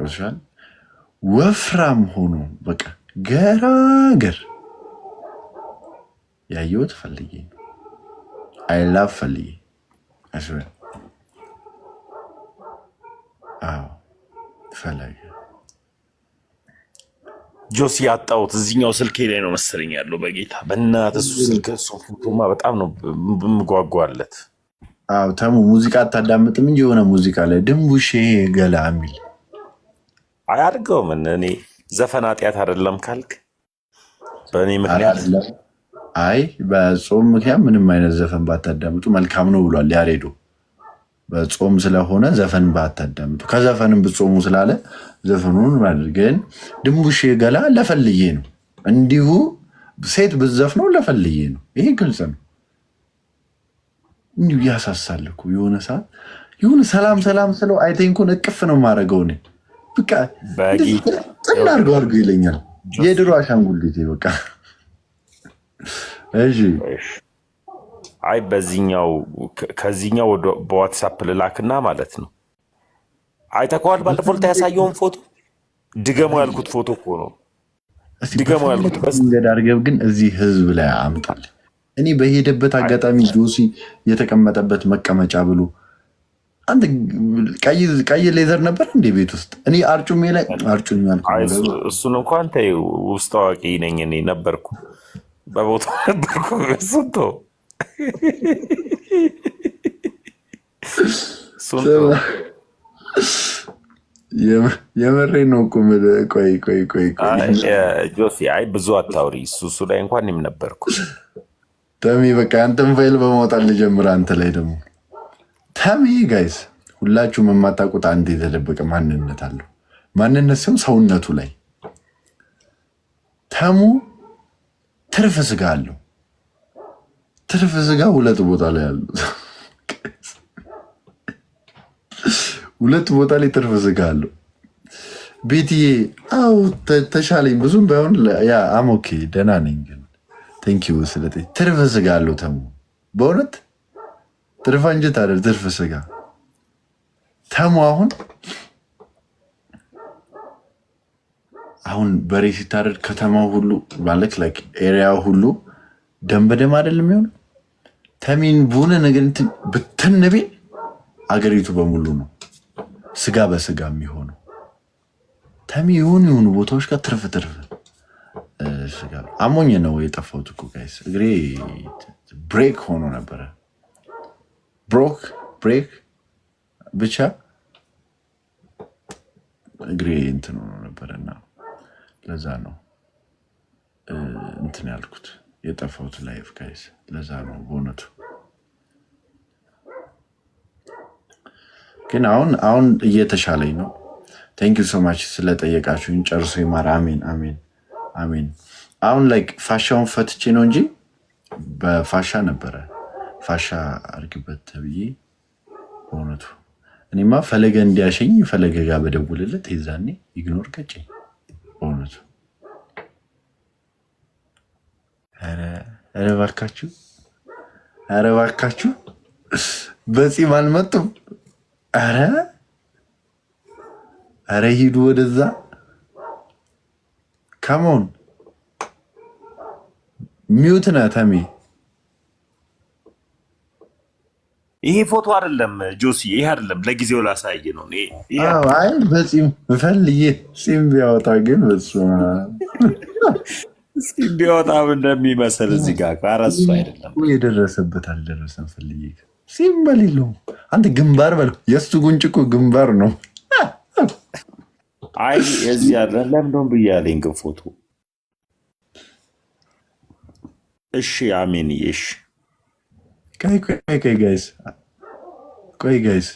ገብቶሻል? ወፍራም ሆኖ በቃ ገራገር ያየሁት ፈልጌ አይላፍ ፈልጌ አስበ አዎ ፈለገ ጆሲ ያጣሁት እዚኛው ስልኬ ላይ ነው መሰለኝ ያለው። በጌታ በእናትህ እሱ ስልክ እሱ ፎቶማ በጣም ነው ምጓጓለት። አዎ ተሙ ሙዚቃ አታዳምጥም እንጂ የሆነ ሙዚቃ ላይ ድንቡሽ ገላ የሚል አያድርገውም። እኔ ዘፈን ኃጢአት አይደለም ካልክ በእኔ ምክንያት አይ በጾም ምክንያት ምንም አይነት ዘፈን ባታዳምጡ መልካም ነው ብሏል ያሬዶ። በጾም ስለሆነ ዘፈን ባታዳምጡ ከዘፈንም ብጾሙ ስላለ ዘፈኑን አድርገን ድንቡሽ ገላ ለፈልዬ ነው እንዲሁ ሴት ብትዘፍነው ለፈልዬ ነው። ይሄ ግልጽ ነው። እንዲሁ ያሳሳል እኮ የሆነ ሰዓት የሆነ ሰላም ሰላም ስለው አይቴንኩን እቅፍ ነው ማድረገው እኔ በቃ ጥና አድርገው አድርገው ይለኛል። የድሮ አሻንጉሊቴ በቃ እሺ። አይ በዚኛው ከዚኛው በዋትሳፕ ልላክና ማለት ነው። አይተከዋል። ባለፈው ዕለት ያሳየውን ፎቶ ድገሙ ያልኩት ፎቶ እኮ ነው። ድገሙ ያልኩት መንገድ አድርገህ ግን እዚህ ህዝብ ላይ አምጣል። እኔ በሄደበት አጋጣሚ ጆሲ የተቀመጠበት መቀመጫ ብሎ አንተ ቀይ ሌዘር ነበር እንዴ ቤት ውስጥ? እኔ አርጩሜ ላይ አርጩሜ እሱን እንኳን ተይው፣ ውስጥ አዋቂ ነኝ እኔ ነበርኩ፣ በቦታው ነበርኩ። ስንቶ የመሬ ነው እኮ የምልህ። ቆይ ቆይ ቆይ ጆሲ፣ አይ ብዙ አታውሪ። እሱ እሱ ላይ እንኳን እኔም ነበርኩ። ተሜ በቃ አንተን ፋይል በማውጣት ልጀምር አንተ ላይ ደግሞ ሰሜ ጋይስ ሁላችሁም የማታውቁት አንድ የተደበቀ ማንነት አለው። ማንነት ሲሆን ሰውነቱ ላይ ተሙ ትርፍ ስጋ አለው። ትርፍ ስጋ ሁለት ቦታ ላይ አለው። ሁለት ቦታ ላይ ትርፍ ስጋ አለው። ቤትዬ አው ተሻለኝ፣ ብዙም ባይሆን ያ አሞኬ ደህና ነኝ። ግን ቴንኪው ስለ ትርፍ ስጋ አለው ተሙ በእውነት ትርፍ አንጀት አይደል፣ ትርፍ ስጋ ተሙ አሁን አሁን በሬ ሲታረድ ከተማው ሁሉ ማለት ላይክ ኤሪያ ሁሉ ደም በደም አይደለም የሚሆን ተሚን ቡነ ነገር ብትንቤ አገሪቱ በሙሉ ነው ስጋ በስጋ የሚሆነው። ተሚ የሆኑ የሆኑ ቦታዎች ጋር ትርፍ ትርፍ ስጋ አሞኝ ነው የጠፋሁት እኮ ጋይስ፣ እግሬ ብሬክ ሆኖ ነበረ። ብሮክ ብሬክ ብቻ እግሬ እንትን ሆኖ ነበረና ለዛ ነው እንትን ያልኩት የጠፋሁት ላይፍ ጋይስ። ለዛ ነው በእውነቱ። ግን አሁን አሁን እየተሻለኝ ነው። ቴንኪው ሶማች ስለጠየቃችሁኝ። ጨርሶ ይማር። አሜን አሜን አሜን። አሁን ላይ ፋሻውን ፈትቼ ነው እንጂ በፋሻ ነበረ ፋሻ አርግበት ተብዬ በእውነቱ እኔማ ፈለገ እንዲያሸኝ ፈለገ ጋር በደውልለት የዛኔ ይግኖር ቀጨኝ በእውነቱ። ኧረ እባካችሁ፣ ኧረ እባካችሁ በፂም አልመጡም። ኧረ ኧረ ሂዱ ወደዛ ከመሆን ሚዩት ነ ተሜ ይሄ ፎቶ አይደለም ጆሲ፣ ይሄ አይደለም። ለጊዜው ላሳይ ነው። አይ በፂም ፈልዬ ፂም ቢያወጣ ግን በፂም ቢያወጣ እንደሚመስል እዚህ ጋር አረሱ አይደለም የደረሰበት አልደረሰም። ፈልዬ ፂም በሌለው አንተ ግንባር በለው። የእሱ ጉንጭ እኮ ግንባር ነው። አይ እዚህ ያለ ለምዶን ብያለኝ ግን ፎቶ እሺ፣ አሜን። እሺ፣ ቀይ ቀይ ቀይ ጋይስ ቆይ ጋይስ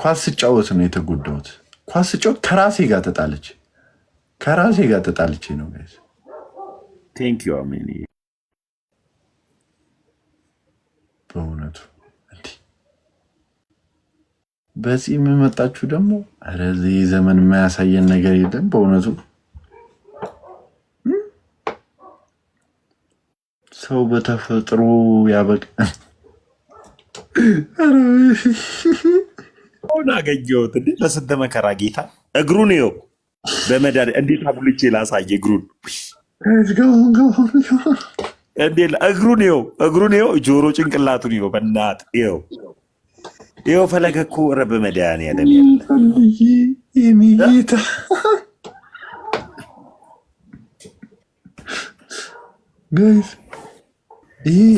ኳስ ስጫወት ነው የተጎዳሁት። ኳስ ስጫወት ከራሴ ጋር ተጣለች፣ ከራሴ ጋር ተጣለች ነው ጋይስ። ቴንክ ዩ አሜን። በእውነቱ በዚህ የምመጣችሁ ደግሞ ኧረ እዚህ ዘመን የማያሳየን ነገር የለም በእውነቱ ሰው በተፈጥሮ ያበቃል። ሆን አገኘሁት እንዴ! ለስንት መከራ ጌታ እግሩን ይኸው በመዳን እንዴት አጉልቼ ላሳየ እግሩን እግሩን ይኸው እግሩን ይኸው ጆሮ ጭንቅላቱን ይኸው በእናት ይኸው ይኸው ፈለገ እኮ ኧረ በመድኃኒዓለም ጌታ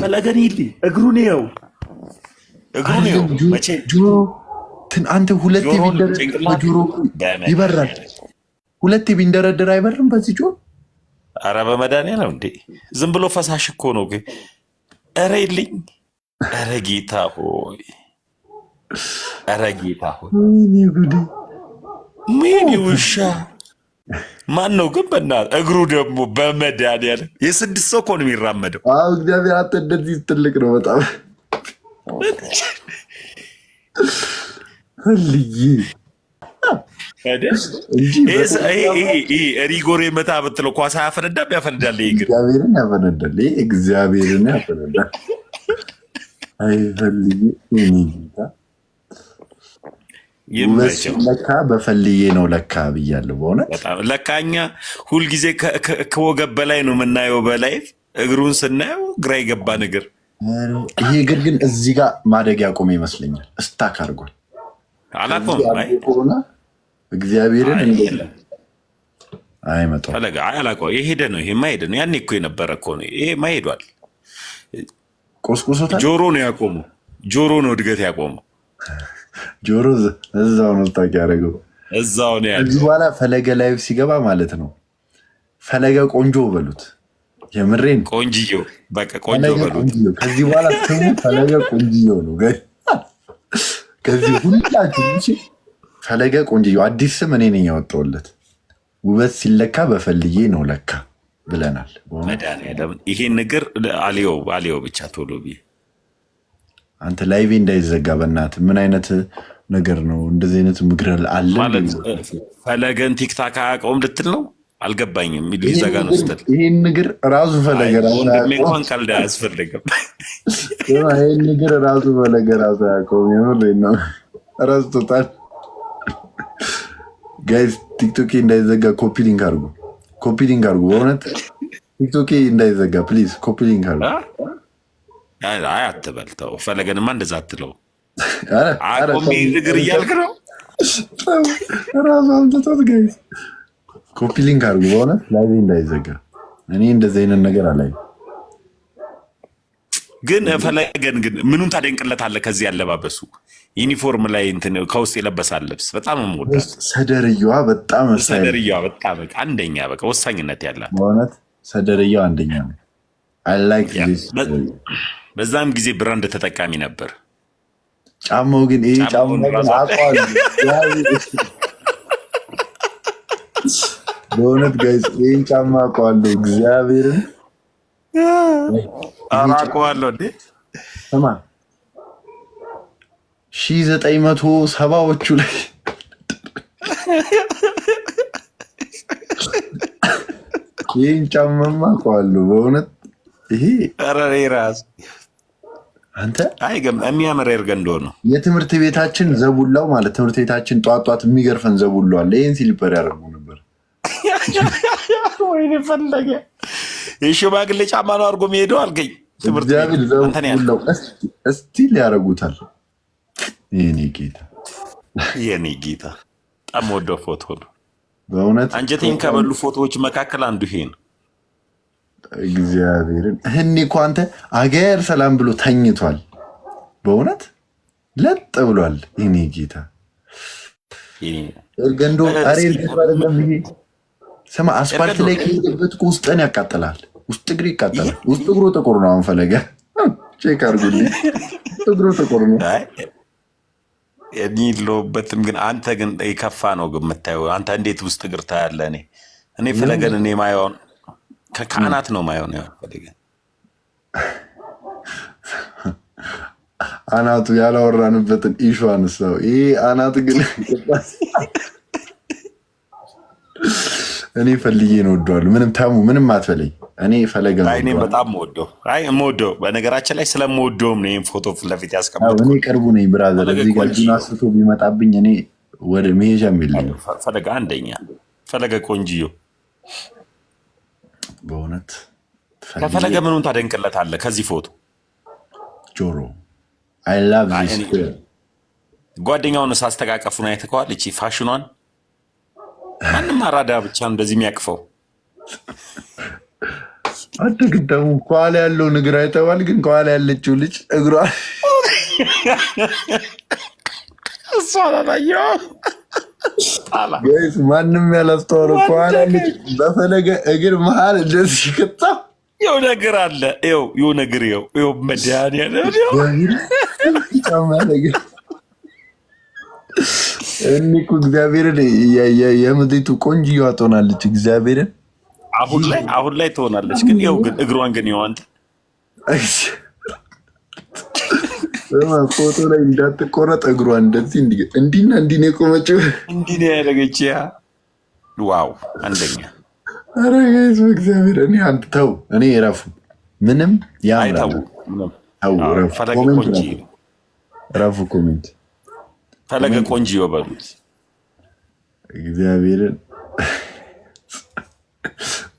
ፈለገን ይል እግሩን ይኸው እግሩን ይኸው ጆሮ አንተ ሁለቴ ቢንደረደር ጆሮ ይበራል። ሁለቴ ቢንደረደር አይበርም በዚህ ጆሮ። አረ በመድኃኒዓለም እንዴ! ዝም ብሎ ፈሳሽ እኮ ነው። ኧረ የለኝ። ኧረ ጌታ ሆይ፣ ኧረ ጌታ ሆይ፣ ምን ውሻ ማን ነው ግን? በእናትህ እግሩ ደግሞ በመድኃኒዓለም የስድስት ሰው እኮ ነው የሚራመደው። እግዚአብሔር አንተ እንደዚህ ትልቅ ነው በጣም ሪጎር የመታ ብትለው ኳስ ያፈነዳም ያፈነዳል። እግዚአብሔርን ያፈነዳል። እግዚአብሔርን ያፈነዳል። ለካ በፈልዬ ነው ለካ ብያለሁ። በእውነት ለካ እኛ ሁልጊዜ ከወገብ በላይ ነው የምናየው። በላይ እግሩን ስናየው ግራ የገባ ነገር ይሄ እግር ግን እዚህ ጋር ማደግ ያቆመ ይመስለኛል። እስታክ አድርጓል። አላቆምና እግዚአብሔርን አይመጣም ፈለገ አላቆ የሄደ ነው። ይሄ ማሄደ ነው። ያኔ እኮ የነበረ እኮ ነው። ይሄ ማሄዷል። ቆስቆሶታል። ጆሮ ነው ያቆመው። ጆሮ ነው እድገት ያቆመው። ጆሮ እዛው ነው እስታክ ያደረገው። እዛው ነው ያለው። በኋላ ፈለገ ላይቭ ሲገባ ማለት ነው ፈለገ ቆንጆ በሉት የምሬን ቆንጅዮ በቃ ቆንጆ ከዚህ በኋላ ስሙ ፈለገ ቆንጅዮ ነው። ከዚህ ሁላችሁ ፈለገ ቆንጅዮ አዲስ ስም እኔ ነኝ ያወጣሁለት። ውበት ሲለካ በፈልዬ ነው ለካ ብለናል። ይሄ ነገር አሊዮ አሊዮ ብቻ ቶሎ ብዬ አንተ ላይቬ እንዳይዘጋ በእናትህ ምን አይነት ነገር ነው? እንደዚህ አይነት ምግረል አለ። ፈለገን ቲክታክ አያውቀውም ልትል ነው አልገባኝም። ሊዘጋ ነው ስትል ይህን ንግር ራሱ ፈለገ ወንድሜ እንኳን ቀልድ አያስፈልግም። ይህን ንግር ራሱ ፈለገ ራሱ ያቆም የምር ነው ረስቶታል። ጋይስ ቲክቶኬ እንዳይዘጋ ኮፒ ሊንክ አድርጉ፣ ኮፒ ሊንክ አድርጉ። በእውነት ቲክቶኬ እንዳይዘጋ ፕሊዝ ኮፒ ሊንክ አድርጉ። አይ አትበልተው፣ ፈለገንማ እንደዛ አትለው። አቆሜ ንግር እያልክ ነው ራሱ አምጥቶት ጋይስ ኮፒ ሊንክ አድርጉ። በእውነት ላይ እንዳይዘጋ። እኔ እንደዚህ አይነት ነገር አላይ። ግን ፈለገን ግን ምኑን ታደንቅለታለህ? ከዚህ ያለባበሱ ዩኒፎርም ላይ እንትን ከውስጥ የለበሳል ልብስ በጣም የምወዳት ሰደርያዋ፣ በጣም ሰደርያዋ፣ በጣም አንደኛ፣ በቃ ወሳኝነት ያላት በእውነት ሰደርያዋ አንደኛ ነው። በዛም ጊዜ ብራንድ ተጠቃሚ ነበር። ጫማው ግን ይሄ ጫማ በእውነት ጋይስ ይህን ጫማ አውቀዋለሁ። እግዚአብሔርን አውቀዋለሁ እንዴ ስማ ሺ ዘጠኝ መቶ ሰባዎቹ ላይ ይህን ጫማማ አውቀዋለሁ። በእውነት ይሄ ረሬ ራስ አንተ የሚያምር ኤርገንዶ ነው። የትምህርት ቤታችን ዘቡላው ማለት ትምህርት ቤታችን ጧጧት የሚገርፈን ዘቡላዋል። ይህን ሲሊፐር ያደርጉ ነው ወይኔ ፈለገ የሽማግሌ ጫማ ነው አድርጎ የሚሄደው አልገኝ ትምህርትእስቲ እስቲል የኔ ጌታ የኔ ጌታ በጣም ወደ ፎቶ ነው በእውነት አንጀቴን ከበሉ ፎቶዎች መካከል አንዱ ይሄ ነው። እግዚአብሔርን እኔ እኮ አንተ አገር ሰላም ብሎ ተኝቷል። በእውነት ለጥ ብሏል። የኔ ጌታ ገንዶ አሬ ስማ አስፋልት ላይ ከሄደበት ውስጥን ያቃጥላል። ውስጥ እግር ይቃጠላል። ውስጥ እግሮ ጥቁር ነው። አሁን ፈለገ ቼክ አድርጉልኝ። እግሮ ጥቁር ነው። እኔ የለሁበትም፣ ግን አንተ ግን የከፋ ነው የምታየው። አንተ እንዴት ውስጥ እግር ታያለህ? እኔ እኔ ፈለገን እኔ ማየውን ከአናት ነው ማየውን ፈለገ አናቱ ያላወራንበትን ኢሹ አነሳው። ይህ አናት ግን እኔ ፈልጌ ነው ወደዋለሁ። ምንም ታሙ ምንም አትበለኝ። እኔ ፈለገ እኔም በጣም ወደው አይ የምወደው በነገራችን ላይ ስለምወደውም ነው ይህን ፎቶ ፊት ለፊት ያስቀመጥኩት። እኔ ቅርቡ ነኝ ብራዘር። እዚህ ጋር ጁን አስቶ ቢመጣብኝ እኔ ወደ መሄጃ የሚለኝ ፈለገ አንደኛ ፈለገ ቆንጅዮ በእውነት ከፈለገ ምኑን ታደንቅለት አለ ከዚህ ፎቶ ጆሮ አይ ላቭ ጓደኛውን ሳስተቃቀፉን አይተከዋል። እቺ ፋሽኗን ማንም አራዳ ብቻ እንደዚህ የሚያቅፈው አትግደሙ። ከኋላ ያለው እግር አይተዋል፣ ግን ከኋላ ያለችው ልጅ እግሯ እሷ አላየዋል። ማንም ያላስተዋለው ከኋላ በፈለገ እግር መሀል እንደዚህ ክታ ይኸው ነገር አለ። ው ይኸው ነገር ው ይኸው ነገር እኔ እኮ እግዚአብሔርን የምድሪቱ ቆንጅዬዋ ትሆናለች። እግዚአብሔርን አሁን ላይ አሁን ላይ ትሆናለች፣ ግን ያው ግን እግሯን ግን ይዋንት ፎቶ ላይ እንዳትቆረጥ እግሯን እንደዚህ እንዲና እንዲህ ነው የቆመችው፣ እንዲህ ያደረገች። ያ ዋው አንደኛ። ኧረ ጋይስ በእግዚአብሔር እኔ አንድ ተው፣ እኔ ረፉ ምንም ያምራል። ተው ረፉ፣ ኮሜንት ፈለገ ቆንጂዮ በሉት። እግዚአብሔርን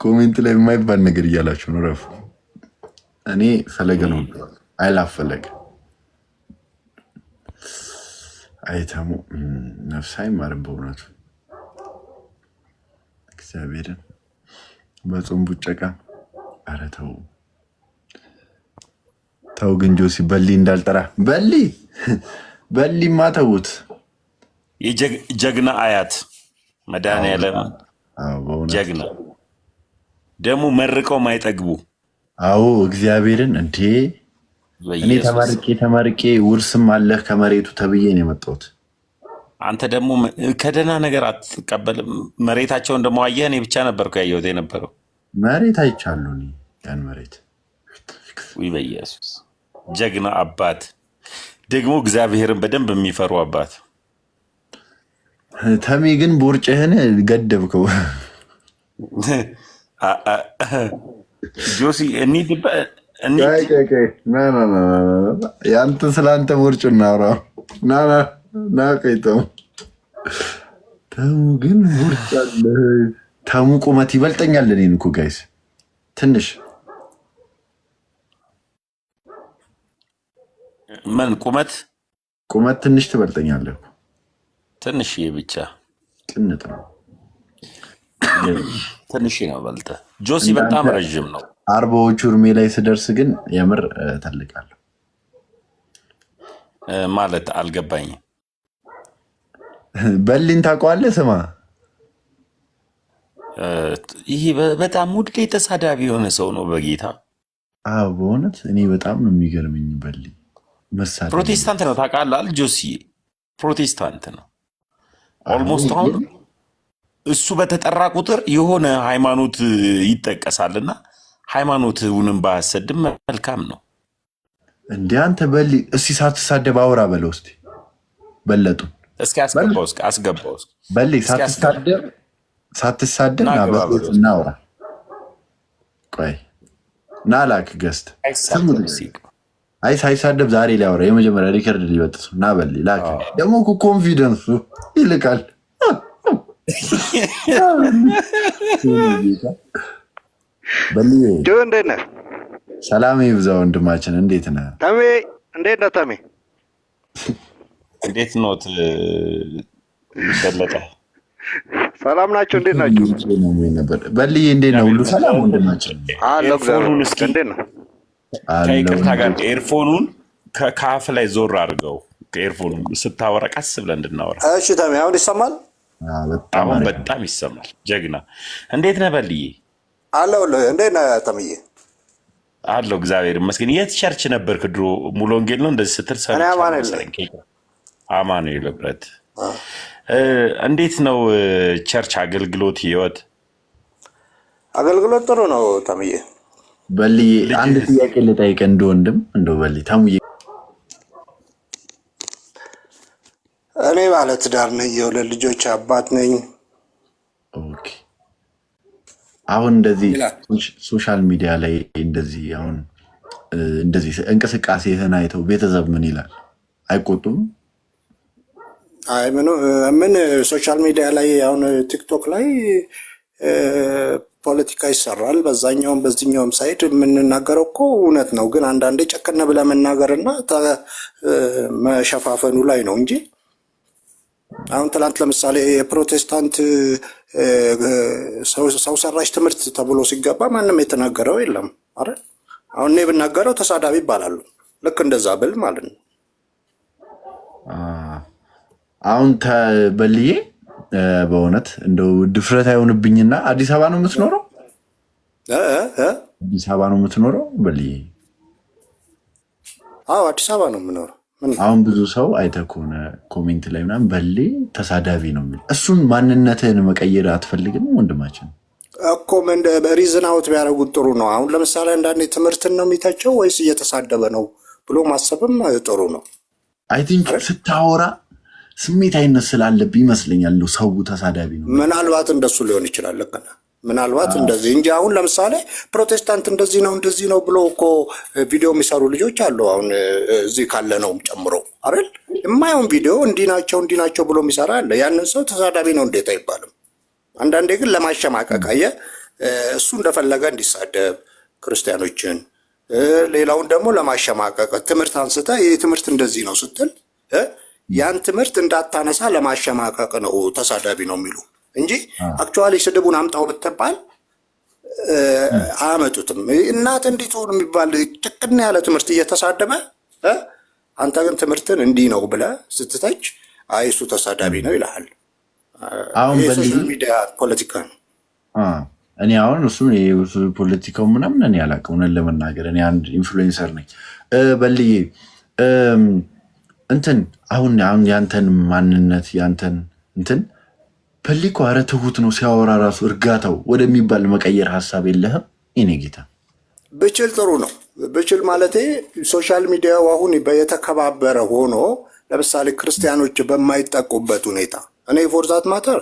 ኮሜንት ላይ የማይባል ነገር እያላችሁ ነው። ረፉ። እኔ ፈለገ ነው አይላፍ ፈለገ አይታሙ ነፍስ አይማርም። በእውነቱ እግዚአብሔርን በጾም ቡጨቃ ኧረ ተው ተው፣ ግን ጆሲ በሊ እንዳልጠራ በሊ በሊማ ተዉት። ጀግና አያት መድኃኒዓለም ጀግና ደግሞ መርቀው ማይጠግቡ። አዎ እግዚአብሔርን እንዴ እኔ ተመርቄ ተመርቄ ውርስም አለህ ከመሬቱ ተብዬ ነው የመጣሁት። አንተ ደግሞ ከደህና ነገር አትቀበልም። መሬታቸውን ደግሞ አየህ። እኔ ብቻ ነበርኩ ያየሁት የነበረው መሬት አይቻሉ ያን መሬት። ውይ በኢየሱስ ጀግና አባት ደግሞ እግዚአብሔርን በደንብ የሚፈሩ አባት። ተሚ ግን ቦርጭህን ገደብከው። ጆሲ የአንተ ስለ አንተ ቦርጭ እናውራ። ናቀይተው ተሙ ግን ቦርጭ አለ። ተሙ ቁመት ይበልጠኛል እኔን እኮ ጋይስ ትንሽ ምን ቁመት ቁመት ትንሽ ትበልጠኛለህ። ትንሽዬ ብቻ ቅንጥ ነው፣ ትንሽ ነው በልጠ። ጆሲ በጣም ረዥም ነው። አርባዎቹ እድሜ ላይ ስደርስ ግን የምር ተልቃለሁ። ማለት አልገባኝም። በሊን ታውቀዋለህ? ስማ ይሄ በጣም ሁሌ ተሳዳቢ የሆነ ሰው ነው። በጌታ አዎ፣ በእውነት እኔ በጣም ነው የሚገርምኝ በሊን ፕሮቴስታንት ነው ታውቃለህ፣ ጆሲ ፕሮቴስታንት ነው። ኦልሞስት አሁን እሱ በተጠራ ቁጥር የሆነ ሃይማኖት ይጠቀሳልና ሃይማኖትውንም ባያሰድም መልካም ነው። እንደ አንተ በል እስኪ ሳትሳደብ አውራ በለው እስኪ በለጡን እስኪ አስገባው እስኪ አስገባው እስኪ በል ሳትሳደብ ሳትሳደብ ና እናውራ። ቆይ ና ላክ ገዝተህ አይ ሳይሳደብ ዛሬ ሊያወራ የመጀመሪያ ሪከርድ ሊበጥሱ እና በል ላክ ደግሞ እኮ ኮንፊደንሱ ይልቃል። እንዴት ነህ? ሰላም ይብዛ ወንድማችን፣ እንዴት ነህ? ተሜ እንዴት ነህ? ተሜ እንዴት ኖት? ይበለጠ ሰላም ናቸው። እንዴት ናቸው? በልዬ እንዴት ነው? ሁሉ ሰላም ወንድማችን፣ እንዴት ነው? ከይቅርታ ጋር ኤርፎኑን ከአፍ ላይ ዞር አድርገው ኤርፎኑ ስታወራ ቀስ ብለህ እንድናወራ። እሺ ተሜ፣ አሁን ይሰማል? አሁን በጣም ይሰማል። ጀግና፣ እንዴት ነህ በልዬ? አለሁልህ። እንዴት ነህ ተምዬ? አለሁ፣ እግዚአብሔር ይመስገን። የት ቸርች ነበርክ ድሮ? ሙሉ ወንጌል ነው እንደዚህ ስትል አማኑኤል ህብረት። እንዴት ነው ቸርች አገልግሎት ህይወት? አገልግሎት ጥሩ ነው ተምዬ በልዬ አንድ ጥያቄ ልጠይቅ እንደ ወንድም በል ታሙዬ እኔ ባለ ትዳር ነኝ፣ የሁለት ልጆች አባት ነኝ። አሁን እንደዚህ ሶሻል ሚዲያ ላይ እንደዚህ አሁን እንደዚህ እንቅስቃሴ ህን አይተው ቤተሰብ ምን ይላል? አይቆጡም? አይ ምን ሶሻል ሚዲያ ላይ አሁን ቲክቶክ ላይ ፖለቲካ ይሰራል በዛኛውም በዚህኛውም ሳይድ የምንናገረው እኮ እውነት ነው። ግን አንዳንዴ ጨከነ ብለመናገር ና መሸፋፈኑ ላይ ነው እንጂ አሁን ትላንት ለምሳሌ የፕሮቴስታንት ሰው ሰራሽ ትምህርት ተብሎ ሲገባ ማንም የተናገረው የለም። አረ አሁን እኔ ብናገረው ተሳዳቢ ይባላሉ። ልክ እንደዛ ብል ማለት ነው አሁን ተበልዬ በእውነት እንደው ድፍረት አይሆንብኝና አዲስ አበባ ነው የምትኖረው? አዲስ አበባ ነው የምትኖረው? በል አዎ፣ አዲስ አበባ ነው የምኖረው። አሁን ብዙ ሰው አይተህ ከሆነ ኮሜንት ላይ ምናምን በሌ ተሳዳቢ ነው የሚል እሱን ማንነትህን መቀየር አትፈልግም ወንድማችን? እኮ ሪዝን አውት ቢያደርጉት ጥሩ ነው። አሁን ለምሳሌ አንዳንዴ ትምህርትን ነው የሚተቸው ወይስ እየተሳደበ ነው ብሎ ማሰብም ጥሩ ነው። አይ ቲንክ ስታወራ ስሜታዊነት ስላለብ ይመስለኛል ሰው ተሳዳቢ ነው። ምናልባት እንደሱ ሊሆን ይችላል። ልክ ነህ። ምናልባት እንደዚህ እንጂ አሁን ለምሳሌ ፕሮቴስታንት እንደዚህ ነው እንደዚህ ነው ብሎ እኮ ቪዲዮ የሚሰሩ ልጆች አሉ። አሁን እዚህ ካለ ነውም ጨምሮ አይደል የማየውን ቪዲዮ እንዲህ ናቸው እንዲህ ናቸው ብሎ የሚሰራ አለ። ያንን ሰው ተሳዳቢ ነው እንዴት አይባልም። አንዳንዴ ግን ለማሸማቀቅ አየህ፣ እሱ እንደፈለገ እንዲሳደብ ክርስቲያኖችን፣ ሌላውን ደግሞ ለማሸማቀቅ ትምህርት አንስተ ይህ ትምህርት እንደዚህ ነው ስትል ያን ትምህርት እንዳታነሳ ለማሸማቀቅ ነው ተሳዳቢ ነው የሚሉ እንጂ አክቹዋሊ ስድቡን አምጣው ብትባል አያመጡትም። እናት እንዲቱ የሚባል ጭቅና ያለ ትምህርት እየተሳደበ አንተ ግን ትምህርትን እንዲህ ነው ብለህ ስትተች አይ እሱ ተሳዳቢ ነው ይልሃል። አሁን የሶሻል ሚዲያ ፖለቲካ ነው። እኔ አሁን እሱ ፖለቲካው ምናምን እኔ አላውቅም፣ እውነት ለመናገር እኔ አንድ ኢንፍሉዌንሰር ነኝ በልዬ እንትን አሁን አሁን ያንተን ማንነት ያንተን እንትን ፐሊኮ ኧረ ትሁት ነው ሲያወራ ራሱ እርጋታው ወደሚባል መቀየር ሀሳብ የለህም? ይኔ ጌታ ብችል ጥሩ ነው። ብችል ማለቴ ሶሻል ሚዲያው አሁን የተከባበረ ሆኖ ለምሳሌ ክርስቲያኖች በማይጠቁበት ሁኔታ እኔ ፎርዛት ማተር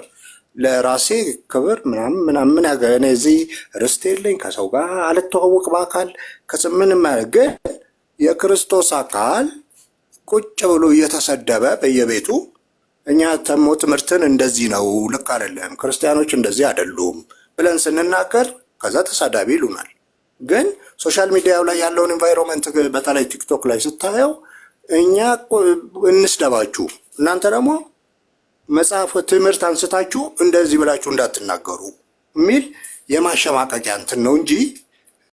ለራሴ ክብር ምናምን ምናምን እኔ እዚህ ርስት የለኝ ከሰው ጋር አልተዋወቅ በአካል ከስምን ግን የክርስቶስ አካል ቁጭ ብሎ እየተሰደበ በየቤቱ እኛ ተሞ ትምህርትን እንደዚህ ነው ልክ አይደለም፣ ክርስቲያኖች እንደዚህ አይደሉም ብለን ስንናገር ከዛ ተሳዳቢ ይሉናል። ግን ሶሻል ሚዲያው ላይ ያለውን ኤንቫይሮንመንት በተለይ ቲክቶክ ላይ ስታየው እኛ እንስደባችሁ እናንተ ደግሞ መጽሐፍ ትምህርት አንስታችሁ እንደዚህ ብላችሁ እንዳትናገሩ የሚል የማሸማቀቂያ እንትን ነው እንጂ